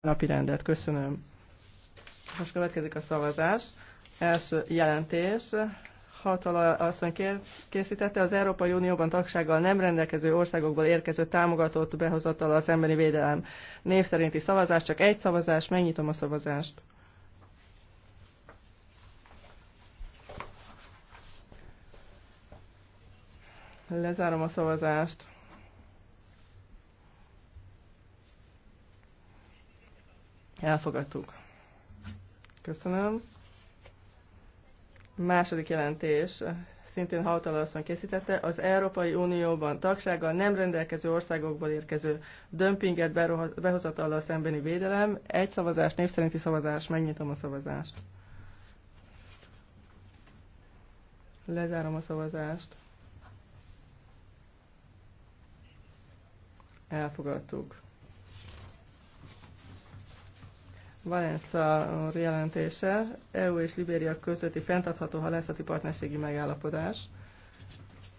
napi rendet. Köszönöm. Most következik a szavazás. Első jelentés. Hatala asszony készítette az Európai Unióban tagsággal nem rendelkező országokból érkező támogatott behozatala az emberi védelem név szerinti szavazás. Csak egy szavazás. Megnyitom a szavazást. Lezárom a szavazást. Elfogadtuk. Köszönöm. Második jelentés, eh, szintén Hautalaszon készítette, az Európai Unióban tagsággal nem rendelkező országokból érkező dömpinget behozatallal szembeni védelem. Egy szavazás, név szerinti szavazás, megnyitom a szavazást. Lezárom a szavazást. Elfogadtuk. Valensza jelentése, EU és Libéria közötti fenntartható halászati partnerségi megállapodás.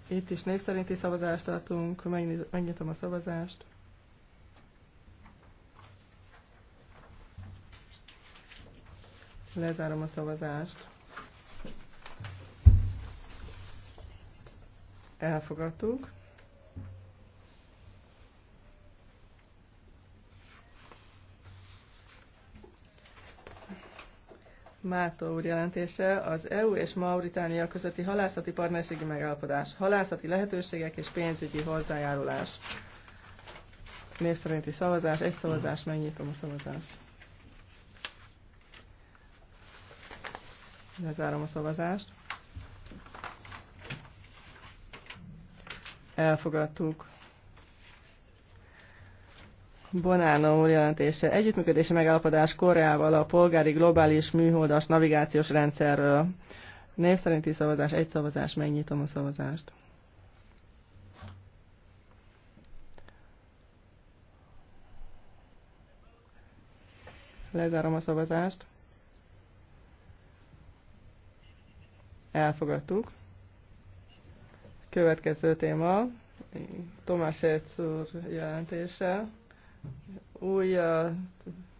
Itt is név szerinti szavazást tartunk, megnyitom a szavazást. Lezárom a szavazást. Elfogadtuk. Mátó úr jelentése az EU és Mauritánia közötti halászati partnerségi megállapodás, halászati lehetőségek és pénzügyi hozzájárulás. Név szerinti szavazás, egy szavazás, megnyitom a szavazást. Lezárom a szavazást. Elfogadtuk. Bonánó úr jelentése. Együttműködési megállapodás Koreával a polgári globális műholdas navigációs rendszerről. Név szerinti szavazás, egy szavazás, megnyitom a szavazást. Lezárom a szavazást. Elfogadtuk. Következő téma, Tomás Herc úr jelentése új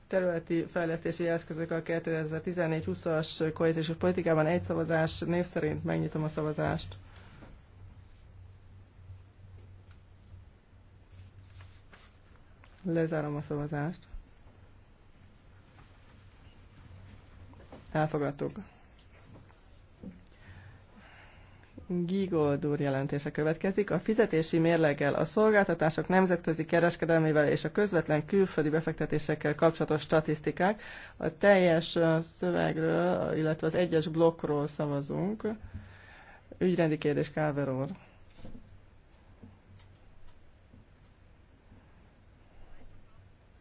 területi fejlesztési eszközök a 2014-20-as kohéziós politikában egy szavazás név szerint megnyitom a szavazást. Lezárom a szavazást. Elfogadtuk. Gigoldúr jelentése következik. A fizetési mérleggel a szolgáltatások nemzetközi kereskedelmével és a közvetlen külföldi befektetésekkel kapcsolatos statisztikák. A teljes szövegről, illetve az egyes blokkról szavazunk. Ügyrendi kérdés Káver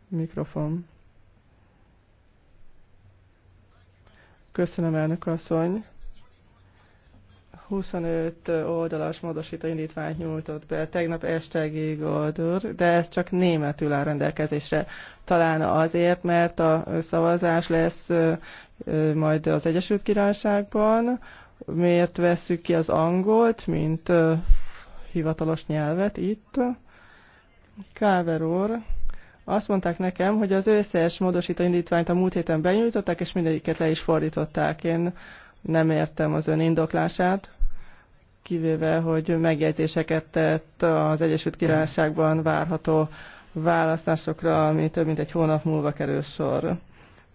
Mikrofon. Köszönöm, elnök asszony. 25 oldalas módosító indítványt nyújtott be tegnap este Gégoldur, de ez csak németül áll rendelkezésre. Talán azért, mert a szavazás lesz majd az Egyesült Királyságban, miért vesszük ki az angolt, mint hivatalos nyelvet itt. Káver úr, azt mondták nekem, hogy az összes módosító indítványt a múlt héten benyújtották, és mindegyiket le is fordították. Én nem értem az ön indoklását kivéve, hogy megjegyzéseket tett az Egyesült Királyságban várható választásokra, ami több mint egy hónap múlva kerül sor.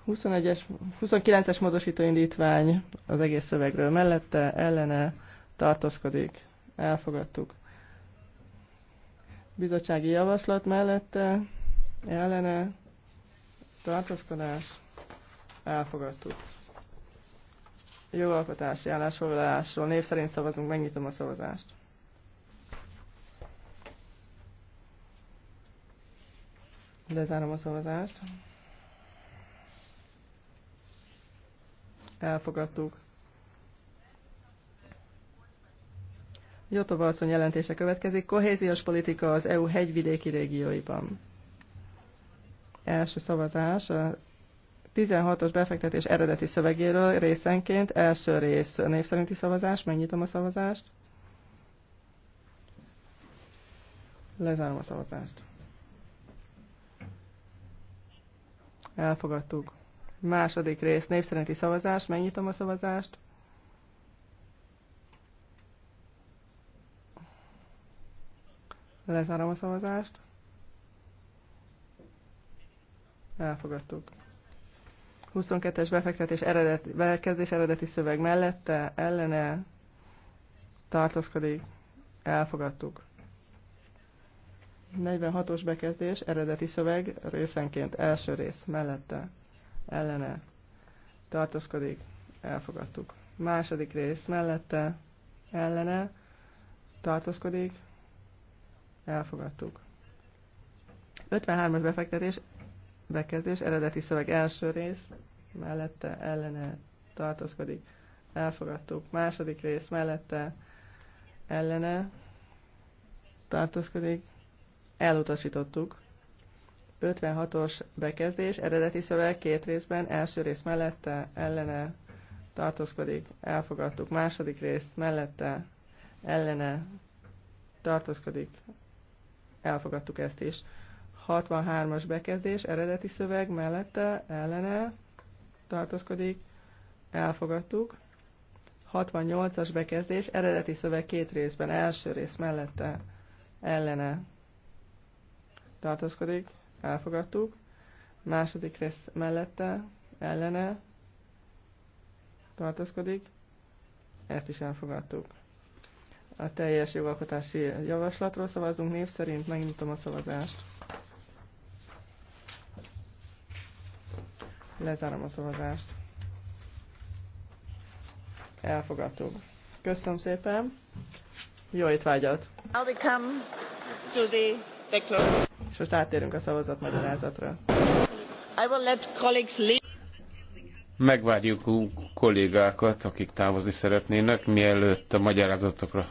21-es, 29-es módosító indítvány az egész szövegről mellette, ellene tartózkodik. Elfogadtuk. Bizottsági javaslat mellette, ellene tartózkodás. Elfogadtuk jogalkotási állásfoglalásról. Név szerint szavazunk, megnyitom a szavazást. Lezárom a szavazást. Elfogadtuk. Jotova asszony jelentése következik. Kohéziós politika az EU hegyvidéki régióiban. Első szavazás, 16-os befektetés eredeti szövegéről részenként. Első rész név szerinti szavazás. Megnyitom a szavazást. Lezárom a szavazást. Elfogadtuk. Második rész név szerinti szavazás. Megnyitom a szavazást. Lezárom a szavazást. Elfogadtuk. 22-es befektetés eredeti, belekezdés eredeti szöveg mellette, ellene tartozkodik, elfogadtuk. 46-os bekezdés eredeti szöveg részenként első rész mellette, ellene tartozkodik, elfogadtuk. Második rész mellette, ellene tartozkodik, elfogadtuk. 53-as befektetés bekezdés, eredeti szöveg első rész, mellette ellene tartozkodik, elfogadtuk. Második rész mellette ellene tartozkodik, elutasítottuk. 56-os bekezdés, eredeti szöveg két részben, első rész mellette ellene tartózkodik, elfogadtuk. Második rész mellette ellene tartózkodik, elfogadtuk ezt is. 63-as bekezdés, eredeti szöveg mellette, ellene tartózkodik, elfogadtuk. 68-as bekezdés, eredeti szöveg két részben, első rész mellette, ellene tartózkodik, elfogadtuk. Második rész mellette, ellene tartózkodik, ezt is elfogadtuk. A teljes jogalkotási javaslatról szavazunk név szerint, megnyitom a szavazást. Lezárom a szavazást. Elfogadtuk. Köszönöm szépen. Jó étvágyat! Now we come to the declaration. És most áttérünk a magyarázatra. I will let colleagues leave. Megvárjuk kollégákat, akik távozni szeretnének, mielőtt a magyarázatokra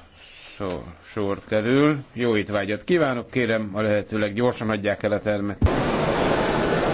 sor, sor kerül. Jó étvágyat kívánok, kérem a lehetőleg gyorsan adják el a termet.